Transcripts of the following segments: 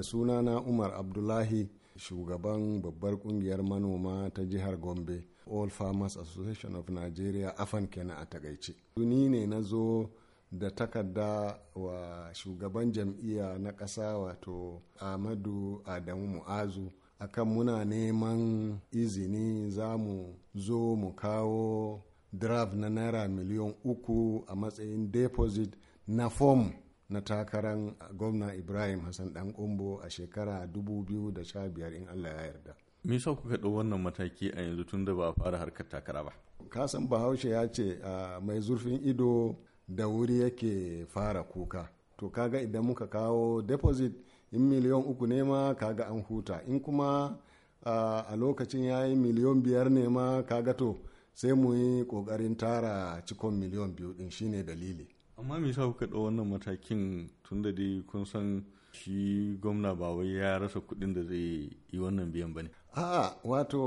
sunana umar abdullahi shugaban babbar kungiyar manoma ta jihar gombe all farmers association of nigeria afan kenan a takaice ni ne na zo da takarda wa shugaban jam'iyya na ƙasa wato ahmadu adamu mu'azu akan muna neman izini za mu zo mu kawo draft na naira miliyan uku a matsayin deposit na fom na takarar gwamna ibrahim hassan dan kumbo a shekara 2015 in allah ya yarda me yasa kuka ɗau wannan mataki a yanzu tun da ba a fara harkar takara ba kasan bahaushe ya ce mai zurfin ido da wuri yake fara kuka to kaga idan muka kawo deposit in miliyan uku ne ma kaga an huta in kuma a lokacin ya yi miliyan biyar ne ma kaga to sai mu yi ƙoƙarin tara cikon miliyan biyu ɗin shine dalili amma me yasa kuka ɗau wannan matakin tun da dai kun san shi gwamna ba wai ya rasa kuɗin da zai yi wannan biyan ba ne a'a wato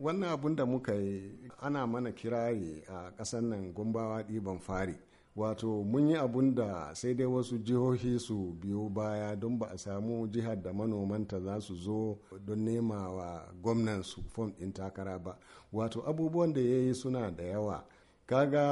wannan abun da muka yi ana mana kirari a ƙasar nan gombawa ɗiban fari wato mun yi abun da sai dai wasu jihohi su biyo baya don ba a samu jihar da manomanta za su zo don nema wa gwamnan su fom ɗin takara ba wato abubuwan da ya yi suna da yawa kaga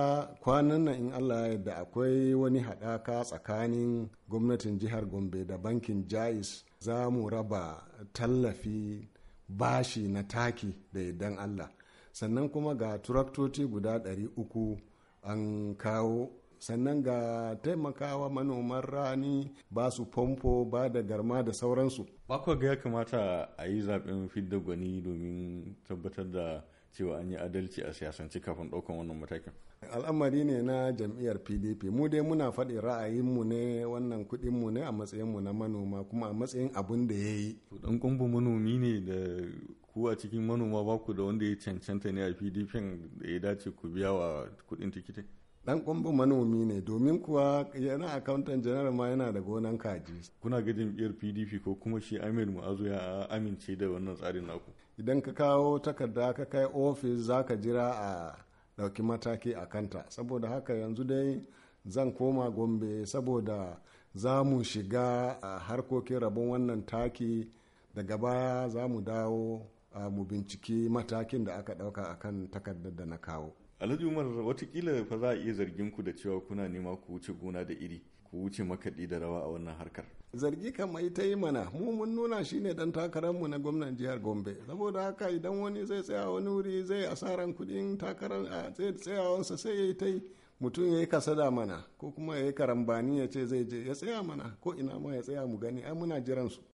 kwanan nan in allah da akwai wani haɗaka tsakanin gwamnatin jihar gombe da bankin jais za mu raba tallafi bashi na taki da idan allah sannan kuma ga turaktoci guda 300 an kawo sannan ga taimakawa manoman rani ba su famfo ba da garma da sauransu. Bakwa ga ya kamata a yi zaɓen fidda gwani domin tabbatar da cewa an yi adalci a siyasance kafin ɗaukan wannan matakin al'amari ne na jam'iyyar pdp mu dai muna faɗi ra'ayinmu ne wannan kuɗinmu ne a matsayinmu na manoma kuma a matsayin abun da ya yi ɗan kumbu manomi ne da ku a cikin manoma ba ku da wanda ya cancanta ne a pdp da ya dace ku biya wa kuɗin tikitin dan kwamban manomi ne domin kuwa yana accountant general ma yana da gonan kaji kuna ga jam'iyyar pdp ko kuma shi amir mu'azu ya amince da wannan tsarin naku idan ka kawo takarda ka kai ofis za ka jira a dauki mataki a kanta saboda haka yanzu dai zan koma gombe saboda za mu shiga a harkokin rabon wannan taki daga baya za mu dawo mu binciki matakin da aka dauka akan takardar da na kawo alhaji umar watakila fa za a iya zargin ku da cewa kuna nema ku wuce gona da iri ku wuce makaɗi da rawa a wannan harkar zargi kamar ta yi mana mu mun nuna shi ne dan takararmu na gwamnan jihar gombe saboda haka idan wani zai tsaya wani wuri zai asaran kuɗin takarar zai tsayawansa sai ya yi ta mutum ya yi kasada mana ko kuma ya yi karambani ya ce zai je ya tsaya mana ko ina ma ya tsaya mu gani ai muna jiran su